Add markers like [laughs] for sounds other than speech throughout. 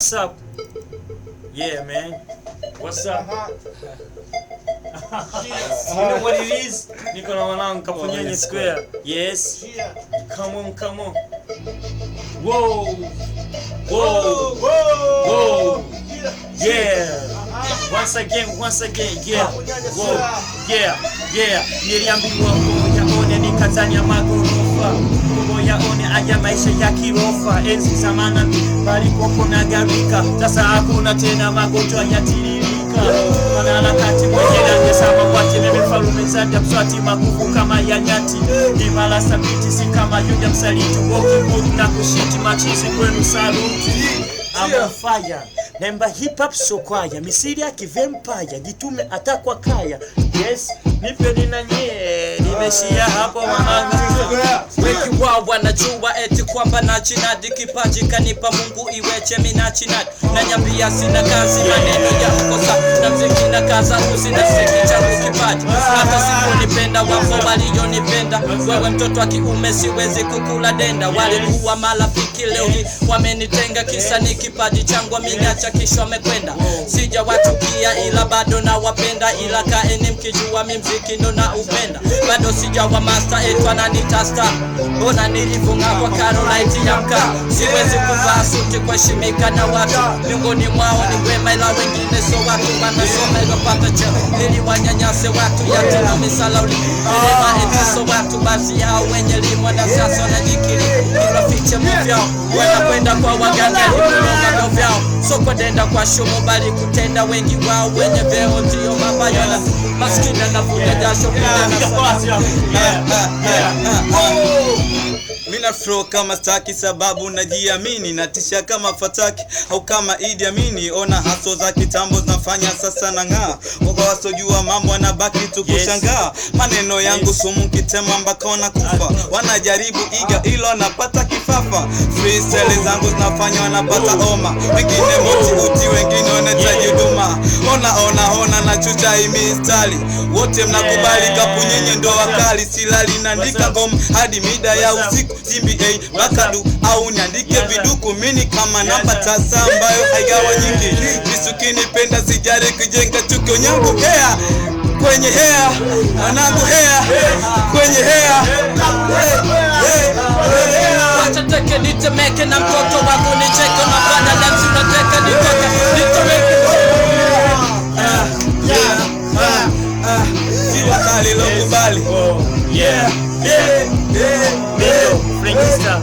What's up? Yeah, man. What's up? Uh-huh. [laughs] You know what it is? Niko na mwanangu Kapunyonyi Square. Yes. Come on, come on. Whoa. Whoa. Whoa. Whoa. Yeah. Uh-huh. Once again, once again. Yeah. Whoa. Yeah. Yeah. Niliambiwa kuja kuona nikatania maguru kirofa Mungu yaone aja maisha ya kirofa Enzi zamana palikuwa na garika Sasa hakuna tena magonjwa yatiririka Wanaharakati mwenye angesema Wakelele falume zaja mswati maguvu kama ya nyati Imara sabiti si kama yuja msaliti Woki na kushiti machizi kwenu saluti I'm on fire nemba hip hop so kwaya misiri ya kivempaya jitume atakwa kaya yes nipe nina nye nimeshia hapo mahanga wengi wao wanajua eti kwamba nachinadi kipaji kanipa Mungu iweche na nyambia sina kazi maneno ya kosa na mziki na kaza usi na siki changu kipaji hata siku sikunipenda wako walionipenda wewe mtoto wa kiume siwezi kukula denda walikuwa marafiki leo hii wamenitenga kisa ni kipaji changu aminiacha kisha kesho amekwenda. Sijawatukia ila bado nawapenda, ila kaeni mkijua mi mziki ndo na upenda. Bado sijawa master etwa na nitasta, mbona nilifunga kwa Caroline ya mka. Siwezi kuvaa suti kuheshimika na watu, miongoni mwao ni wema ila wengine so watu. Manasoma ilopata cheo ili wanyanyase watu, yatima misalauli ilema eti so watu. Basi hao wenye limwa na siasa wanajikiri, ila fiche mvyao wanakwenda kwa waganga, ni mnoga vyao so Wanenda kwa shumo bali kutenda, wengi wao wenye vyeo ndio mabayona, maskini anavuja jasho Mina flow kama staki, sababu najiamini, natisha kama fataki au kama Idi Amini. Ona haso za kitambo zinafanya sasa na ng'aa, wako wasojua mambo anabaki tukushangaa. Maneno yangu sumu, kitema mpaka wanakufa, wanajaribu iga ah. ilo napata kifafa. Freestyle zangu zinafanya wanapata oma, wengine moti uti, wengine wanataji duma. Ona ona ona, chucha imi mistari, wote mnakubali kapu, nyenye ndo wakali. Silali naandika ngoma hadi mida ya usiku TBA Bakadu au niandike viduku mini kama namba tasa ambayo haigawa nyingi nisukinipenda sijari kujenga chukio nyangu hea kwenye hea anangu hea kwenye hea wacha nitemeke na mtoto wangu nicheke na lemsi nateke nitoke nitemeke oh, yeah, yeah, yeah. star,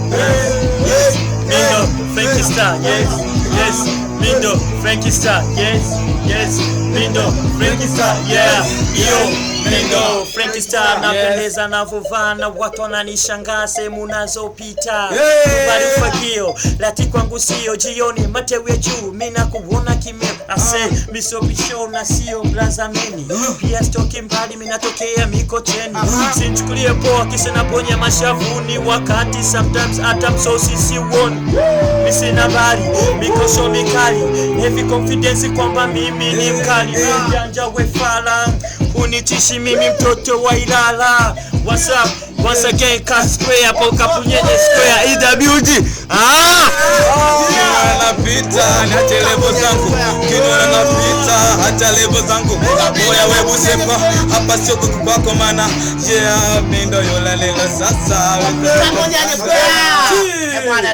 Yes, Mindo star, Yes, yes, Mindo star, Yes, yes, Mindo star, Yeah, yo, Mindo. Frank Star napendeza yes. Navovana watu wananishangaa sehemu unazopita barifagio hey. Lati kwangu sio jioni, matewe juu mina kuona kime ase uh. Misopisho na sio blaza meni uh. Ah. Pia stoki mbali minatokea Mikocheni uh ah. -huh. Sinchukulie poa kisha naponya mashavuni wakati sometimes hata msosi siwoni misina bari mikosho mikali heavy confidence kwamba mimi ni eh, mkali ujanja eh. Wefala unitishi mimi mtoto Mr. Wailala. What's up? Once again, Cat Square hapo Kapunyenye Square EWG. Ah! Anapita hata lebo zangu. Kino anapita hata lebo zangu. Kaboya wewe busepo hapa sio kwako maana yeah mimi ndo yule sasa. Kapunyenye Square. Eh bwana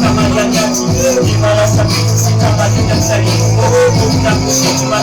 Kama ya nyati, imara sabiti, sitama ya nyati,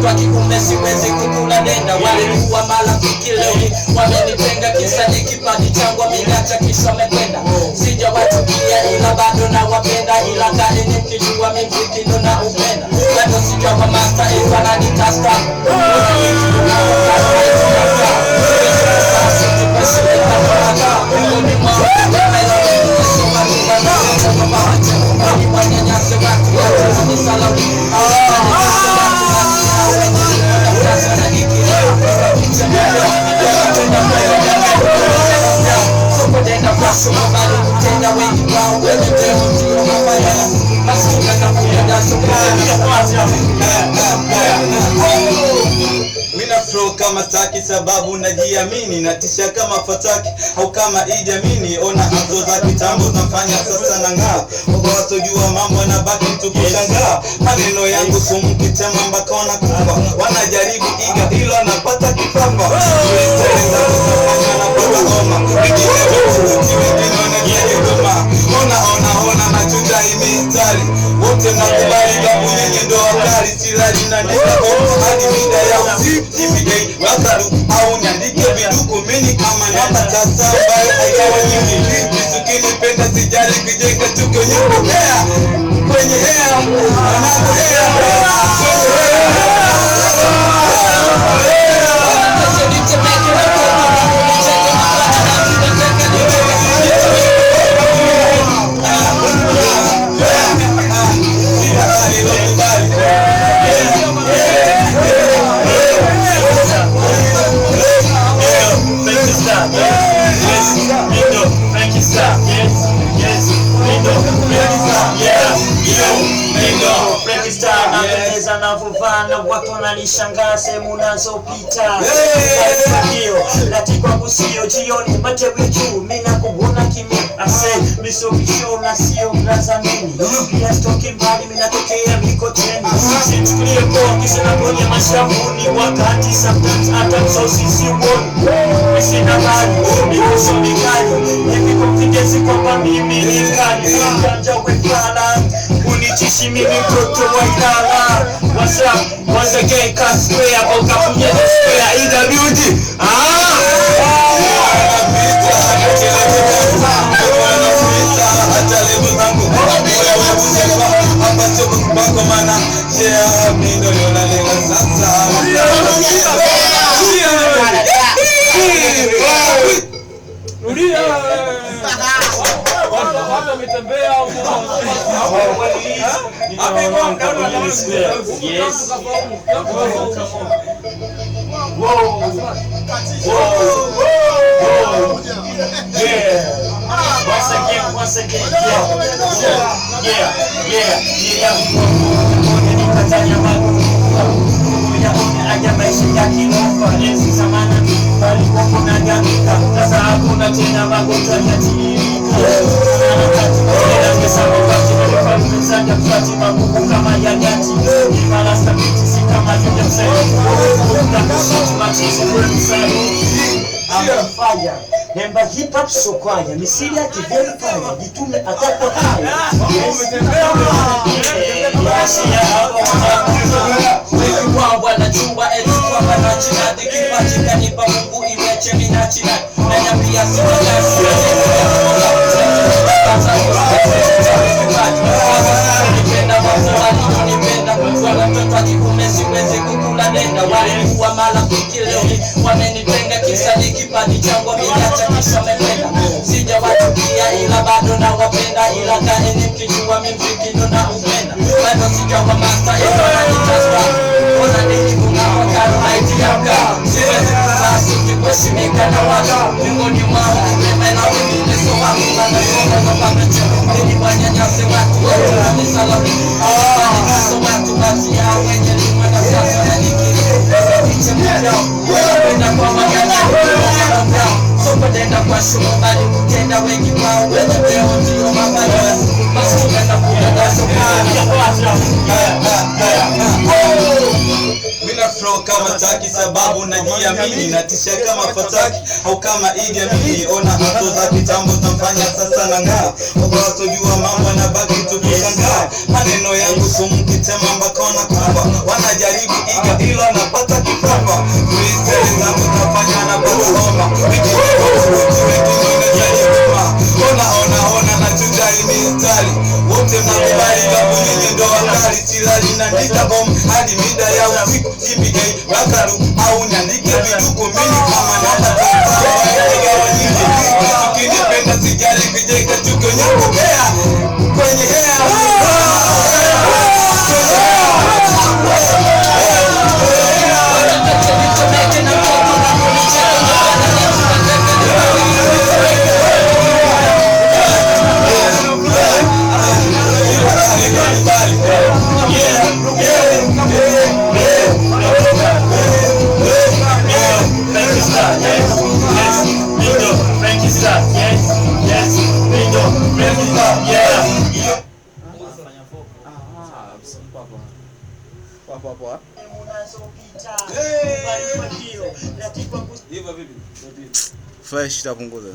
Nikiitwa kiume siwezi kukula denda. Walikuwa marafiki leo wamenitenga, kisa ni kipaji changu wameacha, kisha wamependa. Sijawachukia ila bado nawapenda, ila kali ni mkijua ndo na upenda. Bado sijawa masta ila nanitasta flow kama taki sababu najiamini, natisha kama fataki au kama ijamini. Ona hazo za kitambo zamfanya sasa na ng'aa, wasojua mambo na baki tukishangaa. Maneno yangu sumu kitema mpaka wanakufa, wanajaribu iga ilo anapata kipamba mbona ona machucha imitari wote nakubali babu nyinyi ndo wakali silali nandika bongo hadi mida ya usiku midei basaru au nyandike vituko mini kama namba tasaba ayawa nyinyi penda sijali kijenga chuko nyuko hea kwenye hea wanako hea sehemu unazopita hiyo latika kusio jioni mache vichu mina kuona kimi ase misubisho na sio mrazamini pia mbali mina tokea miko tena simchukulie kwenye mashavuni wakati sometimes hata msosi si mali mikoso hivi confidence kwamba mimi ni kali kanja kwefala sisi mimi Proto Waitara What's up? Once again, Cat Square Boka Punyele Square Ida Beauty Ah! Yeah, me no yo na leo sasa. Nuria watu wametembea Sasa hakuna tena magonjwa ya chini amefanya nemba hip hop so kwanya misiri yake very fanya jitume atako hayo kwangwa na chumba elfu kwamba na china dikipachika nipa Mungu iweche minachina na nyambia sura kama kichongo miacha kisha mekwenda, sijawachukia ila bado na wapenda, ila kaeni mkijua mimziki ndo na upenda, bado sijawa masta ila najitasta ona nini kuna wakati haitianga siwezi kubasi kikuheshimika na watu miongoni mwao mema na wengine so wangu wanaiona na pamecha ili wanyanyase watu wote na misalami awafanikizo watu basi ya wenye limwe na sasa na nikiri niche mdogo masomo bali kutenda, wengi wao leo ndio mabalozi, masomo na kutangaza mina kama taki, sababu najiamini, natisha kama fataki au kama Idi Amin. Ona hapo za kitambo tamfanya sasa na ngaa, watojua mambo na baki tukishangaa, maneno yangu sumkitema mbakona kubwa, wanajaribu iga ilo Tuko mingi hapo hapo flash itapunguza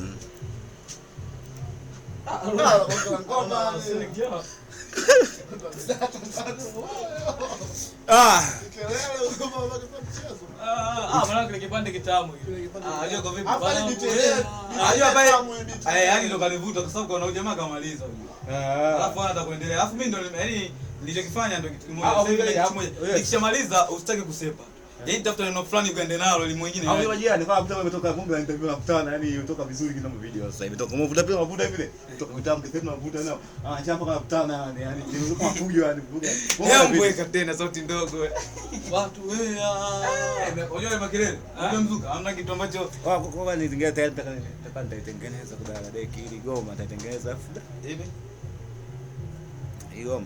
ndo kanivuta kwa sababu kuna jamaa kamaliza, ah. alafu anataka alafu mimi ndo yani nilichokifanya ndio kitu kimoja. Ah, Nikishamaliza usitake kusepa. Yaani tafuta neno fulani uende nalo ili mwingine. Au ah, yaani. unajua yani kama mtu ametoka kumbe na kukutana yani umetoka vizuri kina video sasa imetoka mvuta pia mvuta vile. Kutoka kitabu kile tena mvuta nao. Ah chapa kama kukutana yani yani kwa fujo yani mvuta. Wewe mweka tena sauti ndogo. Watu wewe ah. eh, unajua ile makelele. mzuka. hamna kitu ambacho kwa kwa ni nilitengeneza tayari nitakaa kwa dada deki ili goma nitaitengeneza afu. Hivi. Hii goma.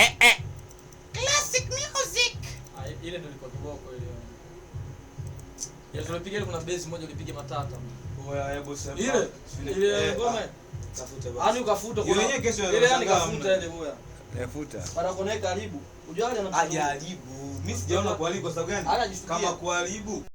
eh, eh. Classic music. Ah, ile ndio ilikuwa kiboko ile. Ya tulipiga ile kuna base moja ulipiga matata. Oya hebu sema. Ile ile ngoma. Tafuta basi. Ani ukafuta kwa yeye kesho ile yani kafuta ile boya. Tafuta. Para kone karibu. Unajua hali anajaribu. Mimi sijaona kwa alibu sababu gani? Kama kwa alibu.